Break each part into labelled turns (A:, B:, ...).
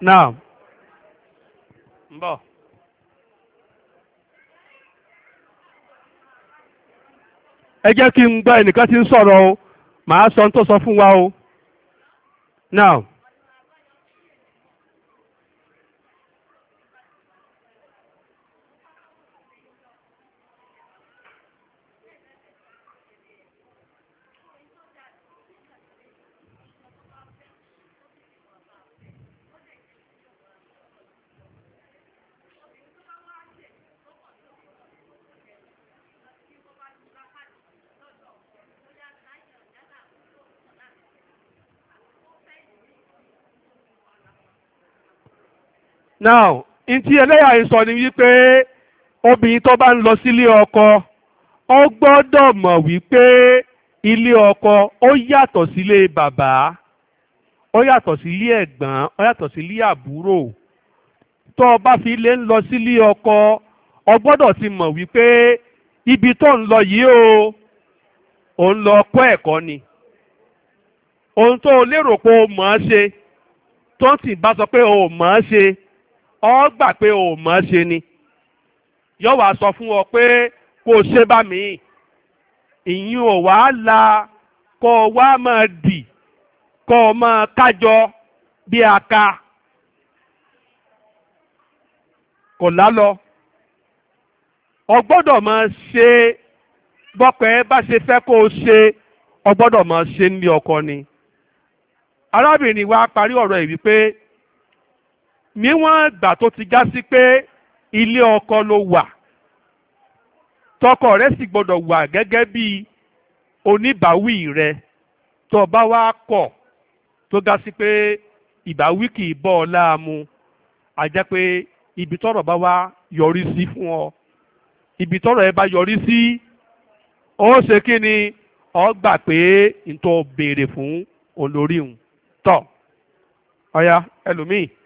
A: náà ń bọ̀. ẹ jẹ́ kí n gbọ́ ẹnìkan tí ń sọ̀rọ̀ o
B: màá sọ tó o
A: now ntí ẹlẹ́yà yìí sọ ni wípé obìnrin tó bá ń lọ sílé ọkọ ó gbọ́dọ̀ mọ̀ wípé ilé ọkọ ó yàtọ̀ sílé bàbá ó yàtọ̀ sílé ẹ̀gbọ́n ó yàtọ̀ sílé àbúrò tó o bá fi lè ń lọ sílé ọkọ ó gbọ́dọ̀ ti mọ̀ wípé ibi tó ń lọ yìí o ò ń lọ kọ́ ẹ̀kọ́ ni ohun tó o lérò pé o mọ̀ ọ́ ṣe tó ń sì bá sọ pé o mọ̀ ọ́ ṣe. ọ gbà pé o mọ̀ ṣe ni yọọ wá sọ fún ọ pé kò o ṣe bá mi ìyín ò wá la kó o wá máa dì kọ o máa kájọ bí aka kò lálọ ọ gbọ́dọ̀ máa ṣe bọ́pẹ́ bá ṣe fẹ́ kó o ṣe ọ gbọ́dọ̀ máa ṣe ní ọkọ ni arábìnrin wa parí ọ̀rọ̀ yìí wípé. níwọ̀n ìgbà tó ti já sí pé ilé ọkọ ló wà tọkọ rẹ sì gbọ́dọ̀ wà gẹ́gẹ́ bí oníbàáwí rẹ tó bá wá kọ̀ tó ga sí pé ìbáwí kì í bọ́ ọ láàmú a jẹ́ pé ibi tọ́rọ̀ bá wá yọrí sí fún ọ ibi tọ́rọ̀ ẹ bá yọrí sí ó ṣe kí ni ọ gbà pé n tó béèrè fún olórí òun tọ ọya ẹlòmíì.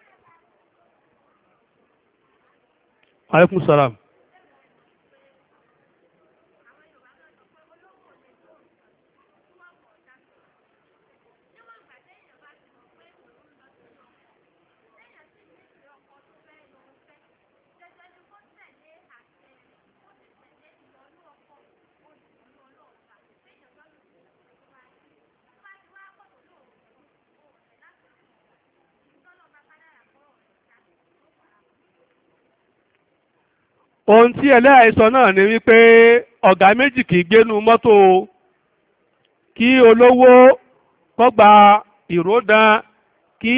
A: alaikum salam. ohun tí ẹlẹ́àìsọ náà ni wípé ọ̀gá méjì kì í gbénu mọ́tò kí olówó kó gba ìródan kí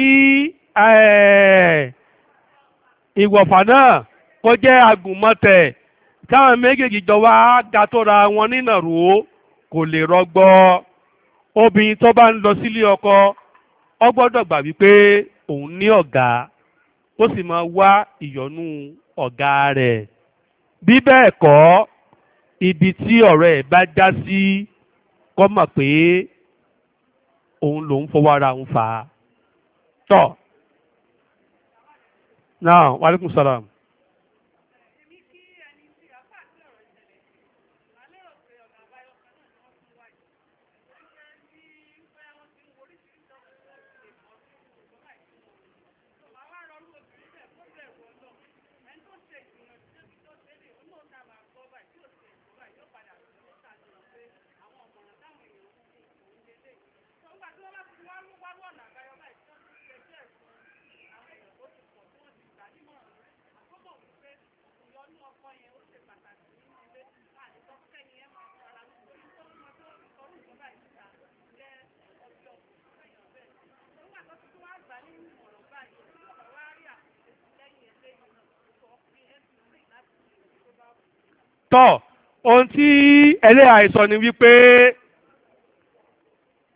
A: eh, ìwọ̀fà náà kó jẹ́ agùnmọ̀tẹ̀ káwọn méjèèjì jọ wá gatóra wọn nínàró kò lè rọgbọ obìnrin tó bá ń lọ sílé ọkọ ó gbọ́dọ̀ gbà wípé òun ní ọ̀gá ó sì máa wá ìyọ́nú ọ̀gá rẹ̀. bí bẹ́ẹ̀ kọ́ ibi tí ọ̀rẹ́ ẹ̀ bá já sí kọ́ mọ̀ pé òun lòún fọwọ́ ara òun fà á tọ́ now wa alaikum tọ́ ohun tí ẹlẹ́yà sọ ni wípé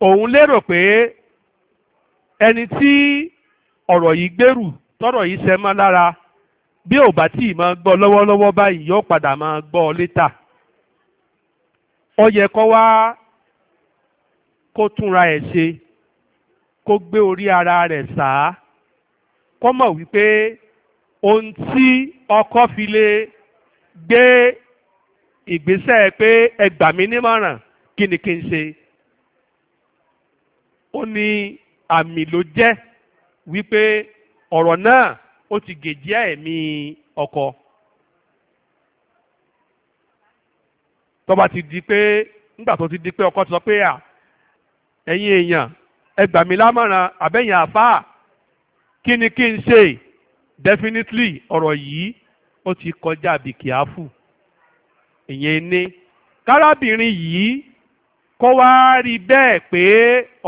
A: òun lérò pé ẹni tí ọ̀rọ̀ yìí gbèrú tọ́rọ̀ yìí ṣe mọ́ lára bí ò bá tí ì máa gbọ́ lọ́wọ́lọ́wọ́ báyìí yóò padà máa gbọ́ ọ létà ó yẹ kó wá kó túnra ẹ̀ ṣe kó gbé orí ara rẹ̀ sàá kó mọ̀ wípé ohun tí ọkọ fi lè gbé ìgbésẹ̀ pé ẹ gbà mí nímọ̀ràn kí ni kí n ṣe ó ní àmì ló jẹ́ wípé ọ̀rọ̀ náà ó ti gèjì ẹ̀mí ọkọ tó bá ti di pé nígbà tó ti di pé ọkọ ti sọ pé à ẹ̀yin èèyàn ẹ gbà lámọ̀ràn àbẹ̀yìn àfáà kí ni kí n ṣe definitely ọ̀rọ̀ yìí ó ti kọjá bìkìáfù ìyẹn ni kárábìnrin yìí kó wá rí bẹ́ẹ̀ pé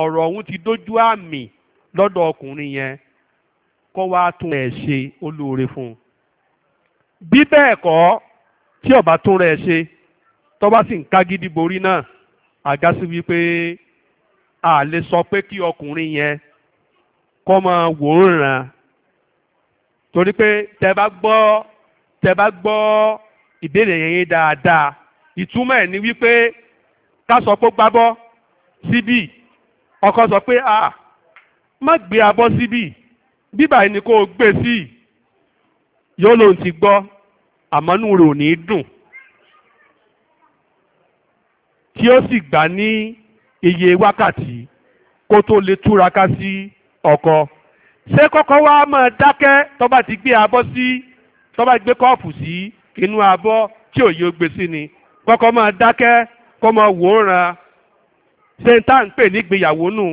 A: ọ̀rọ̀ ọ̀hún ti dójú àmì lọ́dọ̀ ọkùnrin yẹn kó wá tún rẹ̀ ṣe olóore fún un bí bẹ́ẹ̀ kọ́ tí ó bá tún rẹ̀ ṣe tó sì ń ká gidi borí náà àga sí wípé a lè sọ pé kí ọkùnrin yẹn kó máa wò ó ràn torí pé tẹ bá gbọ́ tẹ bá gbọ́ ìbéèrè yẹn dáadáa ìtumọ̀ ẹ̀ ni wípé ká sọ pé gbábọ́ síbì ọkọ sọ pé a ah, má gbé abọ́ síbì bíbà ẹni kó o gbé sí yóò lóun ti gbọ́ àmọ́nú rẹ̀ ò ní dùn tí ó sì gbà ní iye wákàtí kó tó lè túraká sí ọkọ ṣé kọ́kọ́ wá máa dákẹ́ tó ti gbé abọ́ sí tó gbé kọ́ọ̀pù sí. Si, inú abọ́ tí òye ó gbé sí ni kọ́kọ́ máa dákẹ́ kọ́ máa wò ó ran ṣé tá à ń pè nígbéyàwó nù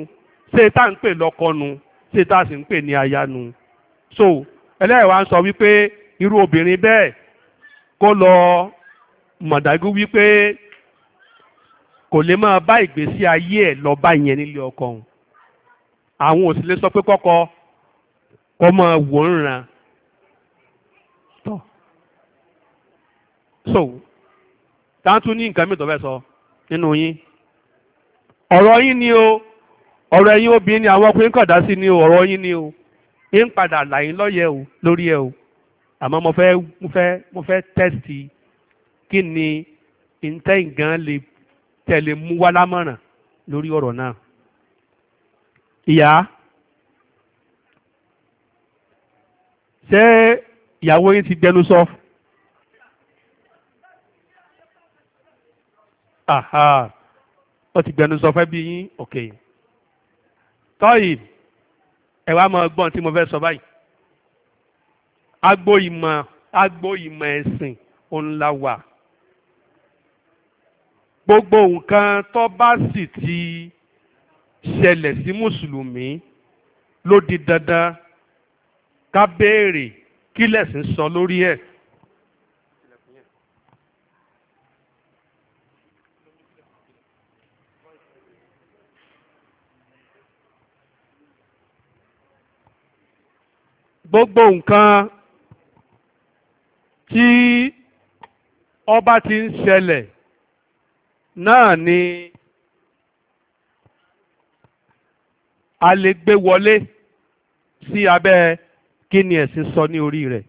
A: ṣé tá à ń pè lọ́kọ nù ṣé tá à sì ń pè ní aya nù so ẹlẹ́wàá ń sọ wípé irú obìnrin bẹ́ẹ̀ kó lọ mọ̀dájú wípé kò lè máa bá ìgbésí ayé ẹ̀ lọ bá yẹn nílé ọkọ àwọn òsì sọ pé kọ́kọ́ kọ́ máa wò ó ràn so táàtú ní nǹkan mìíràn tó fẹ́ sọ nínú yín ọ̀rọ̀ yín ni o ọ̀rọ̀ ẹ̀yin obìnrin ni àwọn ọkùnrin kọ̀dá sí ni o ọ̀rọ̀ yín ni o ń padà làyín lọ́yẹ̀ o lórí ẹ o àmọ́ mo fẹ́ mo fẹ́ mo fẹ́ tẹ́sítì kí ni ntẹ́yìn gan lè tẹ̀lé mú wá lámọ̀ràn lórí ọ̀rọ̀ náà ìyá ṣé ìyàwó yín ti dẹnu sọ. So? aha ó ti gbẹnu sọ fẹ́ bí yín òkè tọ́yì ẹ wá máa gbọ́n tí mo fẹ́ sọ báyìí agbo ìmọ̀ agbo ìmọ̀ ẹ̀sìn òun la wà gbogbo nǹkan tó bá sì ti ṣẹlẹ̀ sí mùsùlùmí ló di dandan ká béèrè kí lẹ̀sìn sọ lórí ẹ̀. gbogbo nǹkan tí ọba ti ń ṣẹlẹ̀ náà ni a lè gbé wọlé sí abẹ́ kí ni ẹ̀sìn sọ ní orí rẹ̀.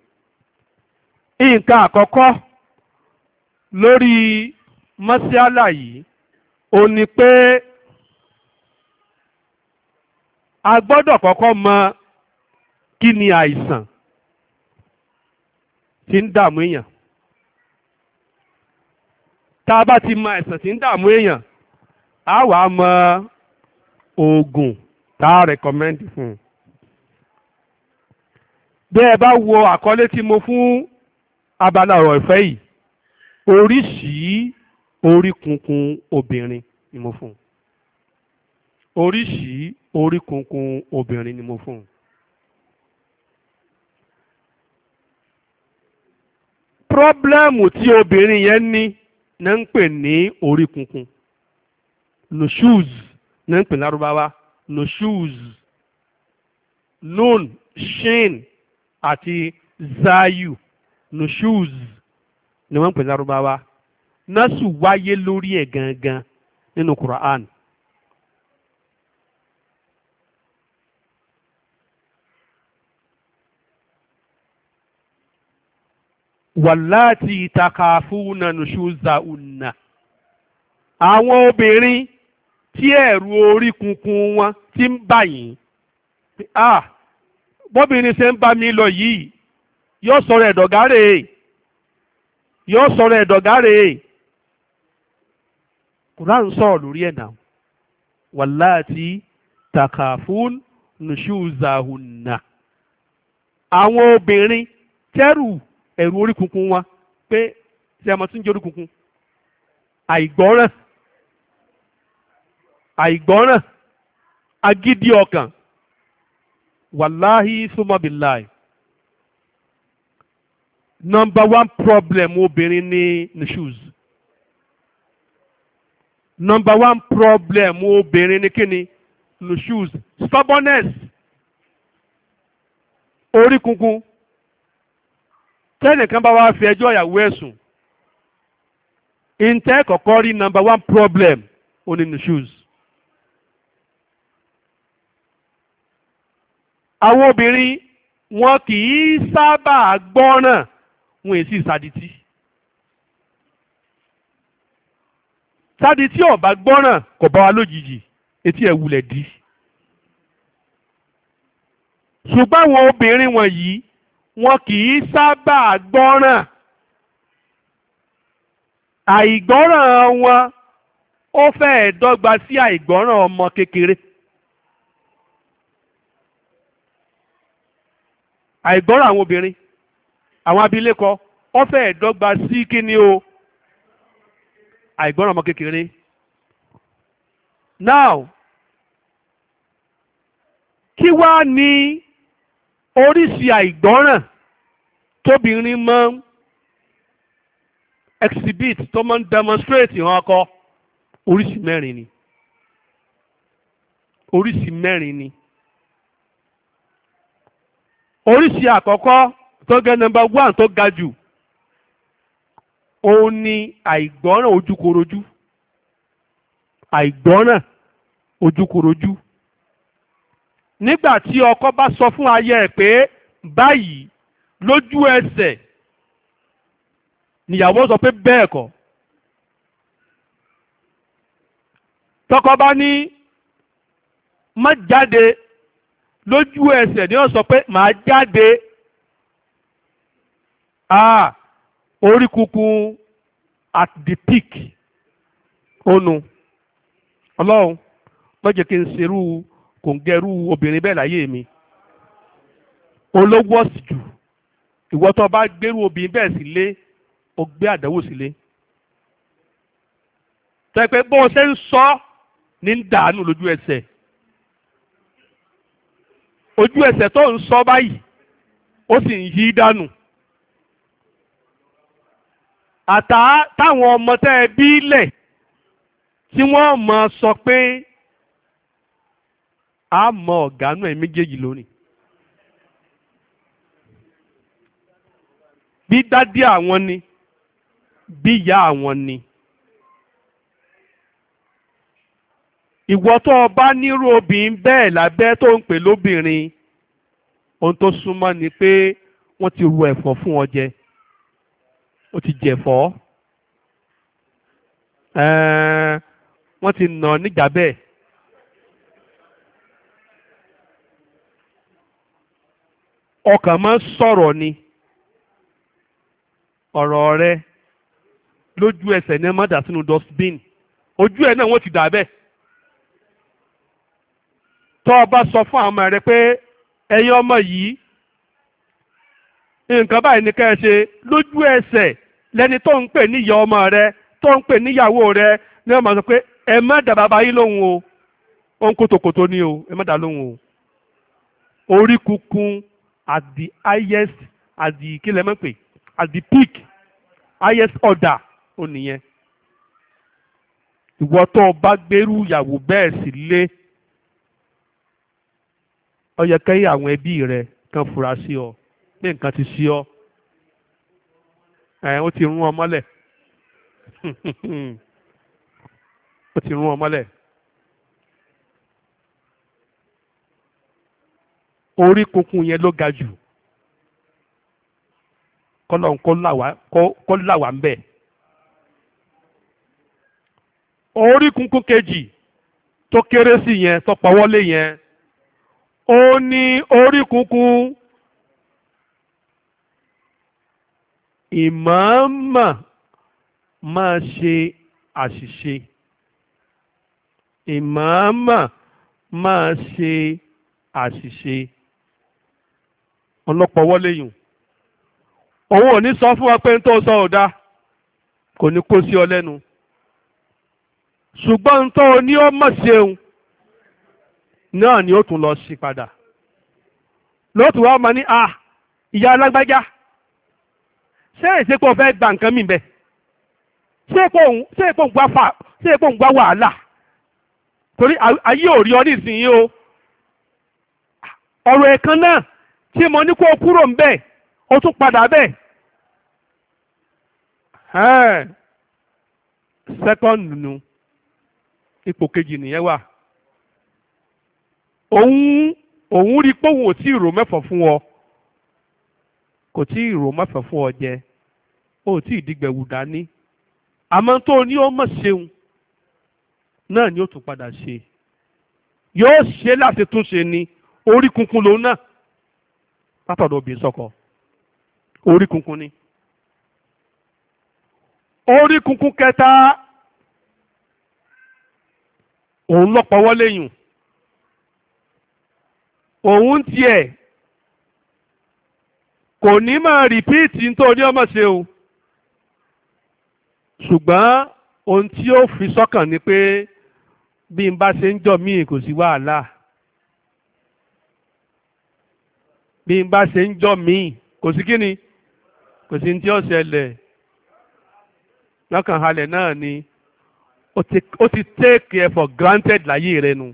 A: nǹkan àkọ́kọ́ lórí mọ́síálà yìí ó ní pé a gbọ́dọ̀ kọ́kọ́ mọ kí ni àìsàn tí ń dààmú èèyàn tá a bá ti mọ àìsàn tí ń dààmú èèyàn á wà á mọ oògùn tá a rẹ̀kọ́mẹ́ndì fún bí ẹ bá wo àkọlé tí mo fún abala ọ̀rọ̀ ìfẹ́ yìí oríṣìí oríkunkun obìnrin ni mo fún un oríṣìí oríkunkun obìnrin ni mo fún un pírọ́blẹ́mù tí obìnrin yẹn ní náà ń pè ní orí kunkun nushuz náà ń pè lárúbáwá nushuz nun shin àti zayu nushuz ni wọ́n ń pè lárúbáwá nasu wáyé lórí ẹ̀ gangan nínú Quran. wàláàtì takàfúnà nùṣúzà ùnà àwọn obìnrin tí ẹ̀rù orí kunkun wọn ti ń bà yín ah bọ́bìnrin ṣe ń bá mi lọ yìí yóò sọ̀rọ̀ ẹ̀dọ̀gárè yóò sọ̀rọ̀ ẹ̀dọ̀gárè kùrán sọ̀rọ̀ lórí ẹ̀nà wàláàtì takàfún nùṣúzà ùnà àwọn obìnrin tẹ́rù ẹ̀rù orí kunkun wọn pé ṣe ọmọ tí ń jẹ́ orí kunkun àìgbọ́ràn àìgbọ́ràn agídí ọkàn wàláhí súnmọ́bìláì number one problem obìnrin ní nishuz number one problem obìnrin ní kíni nishuz stubbornness orí kunkun tẹ́nìkan bá wá fi ẹjọ́ ìyàwó ẹ̀sùn ìǹtẹ́ kọ̀kọ́ rí number one problem oní nìṣúz. àwọn obìnrin wọn kì í sábà gbọ́ràn wọn èsì sadití. sadití ò bá gbọ́ràn kò bá wa lójijì etí ẹ̀ wulẹ̀ di. ṣùgbọ́n àwọn obìnrin wọ̀nyí wọn kì í sábà gbọ́ràn àìgbọ́ràn wọn ó fẹ́ẹ̀ dọ́gba sí àìgbọ́ràn ọmọ kékeré. àìgbọ́ràn àwọn obìnrin àwọn abilékọ ó fẹ́ẹ̀ dọ́gba sí kíni o àìgbọ́ràn ọmọ kékeré. now kí wá ní oríṣi àìgbọ́ràn tóbìnrin máa ń exhibit tó máa ń demonstrate hàn akọ oríṣi mẹ́rin ni oríṣi mẹ́rin ni oríṣi àkọ́kọ́ tó gẹ́ number one tó ga jù òun ni àìgbọ́ràn ojúkorojú àìgbọ́ràn ojúkorojú nígbà tí ọkọ bá sọ fún aya ẹ̀ pé báyìí lójú ẹsẹ̀ níyàwó sọ pé bẹ́ẹ̀ kọ́ tọkọ bá ní má jáde lójú ẹsẹ̀ ni wọ́n pé màá jáde ah orí kunkun at the peak onu ọlọ́run lọ́jọ́ kí n ṣerú kò ń gẹrú obìnrin bẹ́ẹ̀ láyé mi olówó ọ̀sìn jù ìwọ tó bá gbérú obìnrin bẹ́ẹ̀ sílé o gbé àdánwò sílé tẹ́pẹ́ bó o ṣe ń sọ ní ń dànù lójú ẹsẹ̀ ojú ẹsẹ̀ tó ń sọ báyìí ó sì ń yí dànù àtà táwọn ọmọ tẹ́ ẹ bí lẹ̀ tí wọ́n mọ̀ sọ pé a mọ ọ̀gá náà méjèèjì lónìí. bí dádì àwọn ni bí ìyá àwọn ni. ìwọ tó o bá nírú obìnrin bẹ́ẹ̀ lábẹ́ tó ń pè lóbìnrin ohun tó súnmọ́ ni pé wọ́n ti ru ẹ̀fọ́ fún ọ jẹ ó ti jẹ̀fọ́ wọ́n ti nà níjà bẹ́ẹ̀. ọkàn máa ń sọ̀rọ̀ ni. ọ̀rọ̀ rẹ lójú ẹsẹ̀ ní ẹ sínú dustbin ojú ẹ náà wọ́n ti dà bẹ́ẹ̀ sọ fún àwọn rẹ pé ẹ̀yin ọmọ yìí nǹkan báyìí ni ká ṣe lójú ẹsẹ̀ lẹni tó ń pè níyà ọmọ rẹ tó ń pè níyàwó rẹ ní ọmọ sọ pé lóhùn o òun kòtòkòtò ni o ẹ lóhùn o orí kunkun at the highest at the at the peak highest order ó nìyẹn ìwọ tó o bá gbérú ìyàwó bẹ́ẹ̀ sílé ó yẹ kẹ́yìn àwọn ẹbí rẹ kan fura sí ọ pé nǹkan ti sí ọ ẹ̀ ó ti rún ọ mọ́lẹ̀ ó ti rún ọ mọ́lẹ̀ orí kunkun yẹn ló ga jù kọ́lọ́n kó là wá ń bẹ̀. orí kunkun kejì tó kéré sí yẹn tó pawọ́lé yẹn ó ní orí kunkun ìmọ̀ọ́mà máa ṣe àṣìṣe ìmọ̀ọ́mà máa ṣe àṣìṣe ọlọ́pàá wọlé yùn òun ò ní sọ fún ọ pé ń tó sọ ò dáa kò ní kó sí ọ lẹ́nu ṣùgbọ́n ń tó ní ó mọ̀ ṣeun náà ni ó tún lọ sí padà lóòtù wa máa ní à ìyá alágbájá ṣé èsè pé o fẹ́ gba nǹkan mi bẹ́ẹ̀ ṣé èpò ń gbá wàhálà torí ayé ò rí ọ nísìnyí o ọ̀rọ̀ ẹ̀kan náà tí mo ní kó o kúrò ń bẹ́ẹ̀ ó tún padà bẹ́ẹ̀ second nu ipò kejì nìyẹn wà òun òun rí póhùn ò tí ì rò mẹ́fọ̀ fún ọ kò tí ì rò mẹ́fọ̀ fún ọ jẹ ó tí ì dìgbẹ̀wù dání àmọ́ tó ní ó mọ̀ ṣeun náà ni ó tún padà ṣe yóò ṣe láti túnṣe ni orí kunkun lòun náà látọ̀dọ̀ obìnrin sọ́kọ orí kunkun ni orí kunkun kẹta òun lọ́pọ̀ wọlé yùn òun tiẹ̀ kò ní máa rìpíìtì nítorí ọmọ ṣe o ṣùgbọ́n ohun tí ó fi sọ́kàn ni pé bí n bá ṣe ń jọ míì kò sí wàhálà bí n bá ṣe ń jọ míì kò sí kí ni kò sí ní tí ó ṣẹlẹ̀ lọ́kàn halẹ̀ náà ni ó ti take it for granted láyé rẹ nu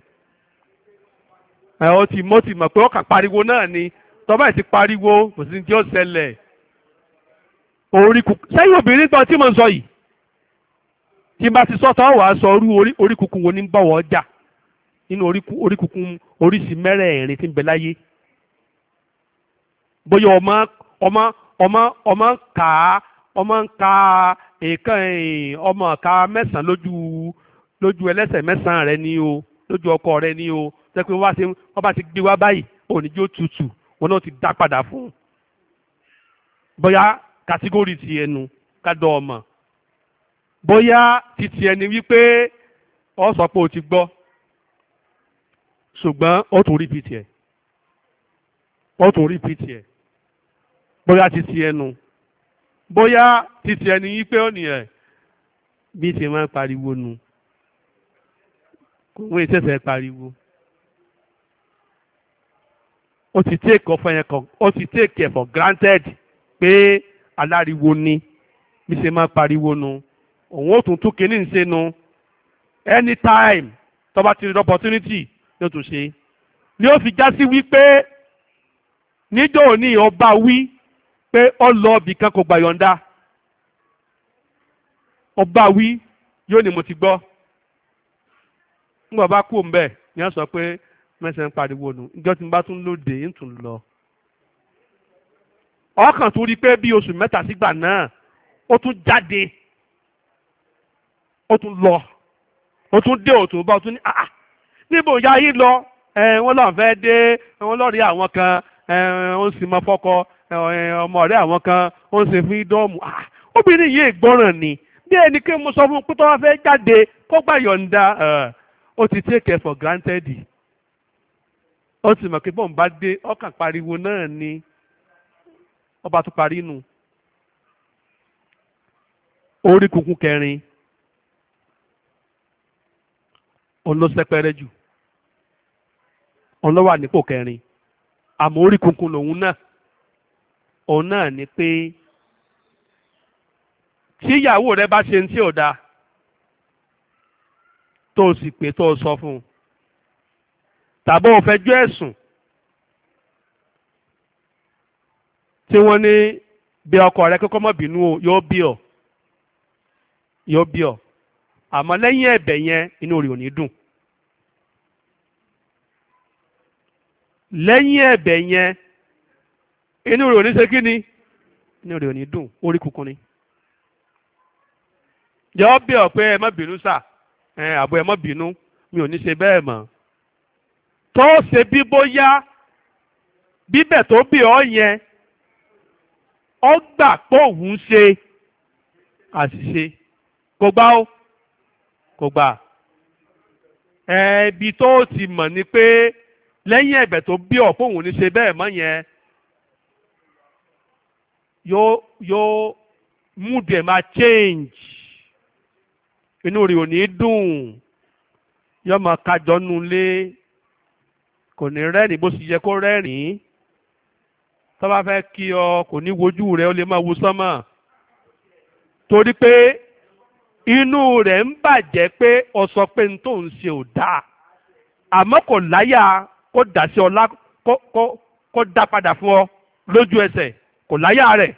A: ẹ ó ti mọ́ ti mọ̀ pé ọkàn pariwo náà ni tọ́ba ti pariwo kò sí ní tí ó ṣẹlẹ̀ orí kù sẹ́yìn obìnrin gbọ́ tí mo ń sọ yìí tí n bá ti sọ́tọ̀ wàá sọ orú orí kùkùn wo ní bọ̀wọ̀ ọjà nínú orí kùkùn oríṣi mẹ́rẹ̀ẹ̀rin tí ń bẹ láyé bóyá ọmọ ọmọ ọmọ ọmọ ń kà á ọmọ ń ka nǹkan ọmọ ka mẹ́sàn-án lójú lójú ẹlẹ́sẹ̀ mẹ́sàn-án rẹ ni o lójú ọkọ rẹ ni o jẹ́ pé wọ́n bá ti gbé wá báyìí oníjó tutù wọn náà ti dá padà fún un bóyá kàtígórì ti ẹnu kádọ ọmọ bóyá titi ẹni wípé ọ sọ pé o ti gbọ́ ṣùgbọ́n ó tún rí pt ẹ ó tún rí pt ẹ bóyá ti ti ẹnu bóyá ti ti ẹni yí pé ó nìyẹn bí ti máa pariwo nu wọ́n yìí pariwo ó ti take ọ̀fọ̀ yẹn kan ó ti take ẹ̀ for granted pé aláriwo ni bí ṣe máa pariwo nu òun ó tún tún kínní ṣe nu anytime tó bá ti rí opportunity ló tún ṣe ni ó fi já sí wípé níjọ́ òní ọba wí pé ọ lọ ibì kan kò gbà yọ̀ǹda ọba wí yóò ní mo ti gbọ́ ńgbà bá kú òun bẹ́ẹ̀ ni wọ́n sọ pé mẹ́sẹ̀ ń pariwo nù ìjọ tí n bá tún lóde ń tún lọ. ọkàn tó rí i pé bí oṣù mẹ́ta sígbà náà ó tún jáde ó tún lọ ó tún dé òtún bá ó tún ní àá ah, ah, níbo ìyá yìí lọ eh, wọ́n lọ́n fẹ́ dé wọ́n lọ́ọ̀rí àwọn kan ó eh, ń sì mọ fọ́kọ Eh, ọmọ ọ̀rẹ́ àwọn kan ó ń ṣe fídọ́ọ̀mù ah, obìnrin yìí gbọ́ràn ni bí ẹni kí mo sọ fún un pé tó bá fẹ́ jáde kó gbà yọ̀ǹda eh, ó ti take it for granted ó sì mọ̀ pé bọ́ọ̀n bá dé ọkàn pariwo náà ni ọba tó parí nu orí kunkun kẹrin òun ló sẹpẹrẹ jù òun ló wà nípò kẹrin àmọ́ orí kunkun lòun náà òun náà ni pé tí ìyàwó rẹ bá ṣe ń tí ò dáa tó o sì pé tó o sọ fún un tàbí o fẹjọ́ ẹ̀sùn tí wọ́n ní bí ọkọ rẹ kọ́kọ́ mọ́ bínú o yóò bí ọ yóò bí ọ àmọ́ lẹ́yìn ẹ̀bẹ̀ yẹn inú rẹ̀ ò ní dùn lẹ́yìn ẹ̀bẹ̀ yẹn inú rẹ̀ ò ní ṣe kí ni inú rẹ̀ ò ní dùn orí kunkun ni. jọ bí ọ pé ẹ má bínú sà ẹ àbọ̀ ẹ má bínú mi ò ní ṣe bẹ́ẹ̀ mọ́. tó ṣe bí bóyá bíbẹ̀ tó bì ọ́ yẹn ọ gbà pé òun ṣe àṣìṣe kò gbà ó kò gbà ẹbí tó ti mọ̀ ni pé lẹ́yìn ẹ̀bẹ̀ tó bí ọ̀ fóun ní ṣe bẹ́ẹ̀ mọ́ yẹn Your your mood ẹ̀ máa change inú rẹ̀ ò ní dùn yóò máa kájọ nulẹ̀ kò ní rẹ́rìn bó sì yẹ kó rẹ́rìn tó bá fẹ́ kí ọ kò ní wojú rẹ̀ ó lè máa wo sánmà torí pé inú rẹ̀ ń bàjẹ́ pé ọ sọ pé n tó ń ṣe ò dáa àmọ́ kò láyà kó dà sí ọ lá kó kó kó dá padà fún ọ lójú ẹsẹ̀ kò láyà rẹ̀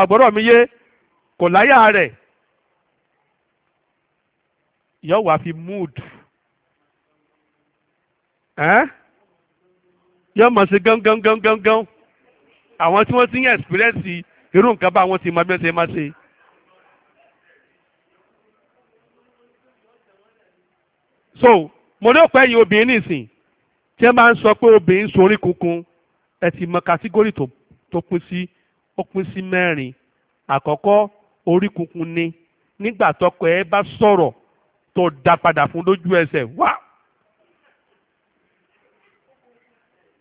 A: àgbọ̀rọ̀ mi yé kò láyà rẹ̀ yọ wá fi mood ẹ́n yọ mọ̀ sí gángan gángan gángan àwọn tí wọ́n ti ń ẹ̀sìpírẹ́sì irú nǹkan bá wọn ti mọ bí máa ṣe. so mo ní ọ̀pẹ́ yìí obìnrin nìsín tí wọ́n bá ń sọ pé obìnrin sorí kunkun ẹ ti mọ kàtígórì tó tó pín sí ó pín sí mẹ́rin àkọ́kọ́ orí kunkun ni nígbà tọkọ ẹ bá sọ̀rọ̀ tó dá padà fún lójú ẹsẹ̀ wá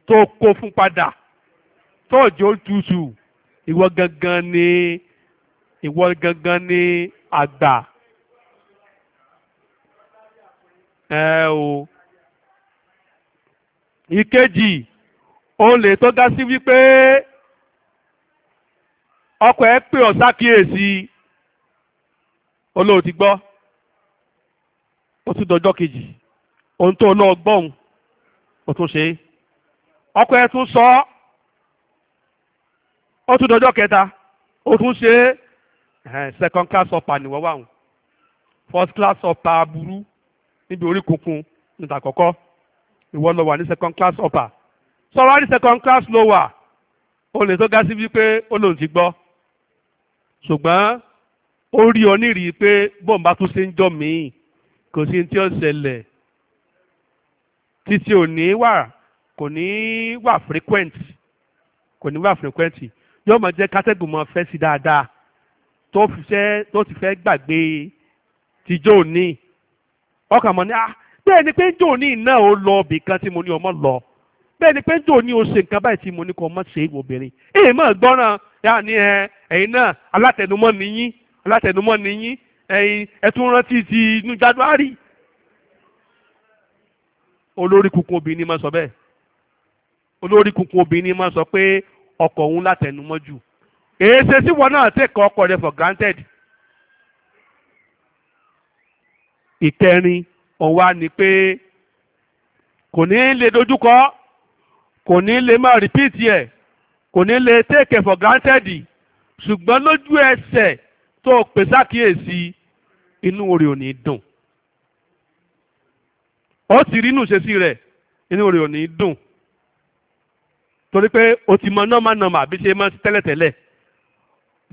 A: tó kó fún padà tó jẹ́ òtútù ìwọ gangan ni ìwọ gangan ni àgbà ẹ o ìkejì olè tó ga sí wípé ọkọ ẹ pè ọ sákìyèsí olóòtú gbọ́ ó tún dọjọ́ kejì ohun tó náà gbọ́hùn ó tún ṣe ọkọ ẹ tún sọ ó tún dọjọ́ kẹta ó tún ṣe second class ọ̀pá nìwọ́ wà hùn first class ọ̀pá aburú níbi orí kunkun níta kọ́kọ́ ìwọ lọ wà ní second class ọ̀pá sọ̀rọ̀ so, wá ní second class ló wà olè tó ga sí wípé ó gbọ́ ṣùgbọ́n ó rí ọ nírì pé bọ́ọ̀n bá tún ṣe ń jọ míì kò sí tí ó ṣẹlẹ̀ títí ò ní wà kò ní wà frequent kò ní wà frequent yóò máa jẹ́ kátẹ́gùn mọ́ fẹ́ sí dáadáa tó fi fẹ́ tó ti fẹ́ gbàgbé tíjọ́ òní ọkàn mọ́ ní ah bẹ́ẹ̀ ni pé ń jò ní iná ó lọ ibì kan tí mo ní ọmọ lọ bẹ́ẹ̀ ni pé ń jò ní o ṣe nǹkan báyìí tí mo ní kọ́ ọmọ ṣe é obìnrin èèmọ̀ gbọ́ràn yáà ní ẹ ẹ̀yin náà alátẹnumọ́ nìyí alátẹnumọ́ nìyí ẹ̀yin ẹ̀tún rántí ti inú january olórí kunkun obìnrin máa sọ bẹ́ẹ̀ olórí kunkun obìnrin máa sọ pé ọkọ òun látẹnumọ́ jù èéṣe sí wọn náà tẹ̀kọ́ ọkọ rẹ for granted ìkẹrin òun wá ní pé kò ní lè dojúkọ kò ní lè máa rìpíìtì ẹ̀ kò ní lè take for granted ṣùgbọ́n lójú ẹsẹ̀ tó pè sákìyèsí inú rẹ̀ ò ní dùn ó ti rí inú ìṣesí rẹ̀ inú rẹ̀ ò ní dùn torí pé o ti mọ nọ́mà nọ́mà bí ṣe máa ń tẹ́lẹ̀tẹ́lẹ̀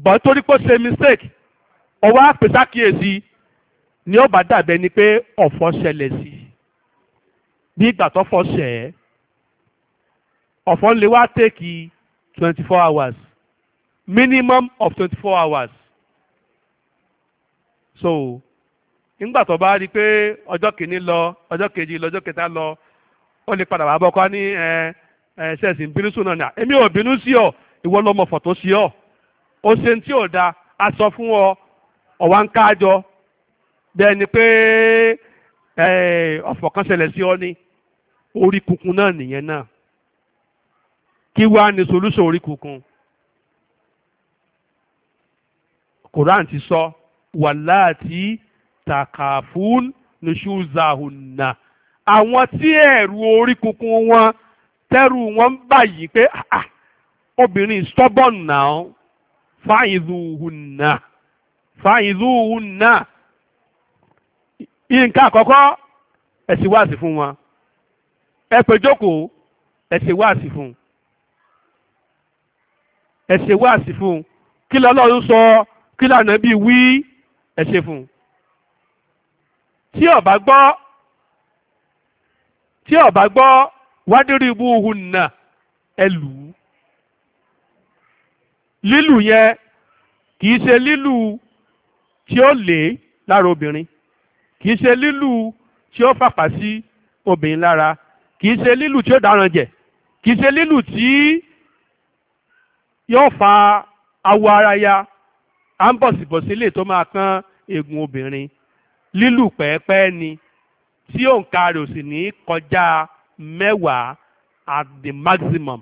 A: bọ́ torí pé ó ṣe mistake ọwọ́ àpè sákìyèsí ni ó bá dàbẹ́ ni pé ọ̀fọ̀ ṣẹlẹ̀ sí bí ìgbà tó fọ́ ṣẹ̀ ẹ́ ń lè wá tèkì 24 hours minimum of 24 hours so nígbà tó bá rí i pé ọjọ́ kìíní lọ ọjọ́ kejì lọ ọjọ́ kẹta lọ ó lè padà wàá bọ́kọ́ ní ẹ ẹ ṣẹ̀sì ń bínú sùn náà ní à èmi ò bínú sí ọ ìwọ lọmọ fọ̀tò sí ọ ó ṣe ń tí ò da a sọ fún ọ ọ̀wá ń kájọ bẹ́ẹ̀ ni pé ọ̀fọ̀ kan ṣẹlẹ̀ sí ọ ní orí kunkun náà nìyẹn náà kí wá ní solúsùn orí kunkun Quran ti sọ wàláàtì takafun nìṣúzàhùnà àwọn tí ẹ̀rù orí kunkun wọn tẹ́rù wọn báyìí pé ah, ah, obìnrin stubborn náà fáìzùhùnà fáìzùhùnà nǹkan àkọ́kọ́ ẹ sì wáàsí fún wọn ẹ pè jókòó ẹ wáàsí fún un ẹ ṣe wáàsí fún un kí lọ́lọ́run sọ kí lànàbí wí ẹ ṣe fún un. tí ó bá gbọ́ tí ó bá gbọ́ wádìrí ibú ohun nà ẹ lù ú. lílù yẹn kì í ṣe lílù tí ó lè lára obìnrin kì í ṣe lílù tí ó fàpá sí obìnrin lára kì í ṣe lílù tí ó dáràn kì í ṣe lílù tí yóò fa awọ ara ya à ń bọ̀sibọ̀sí lè tó máa kán eegun obìnrin lílù pẹ́ẹ́pẹ́ ni tí òǹkà rẹ̀ ò sì ní kọjá mẹ́wàá at the maximum.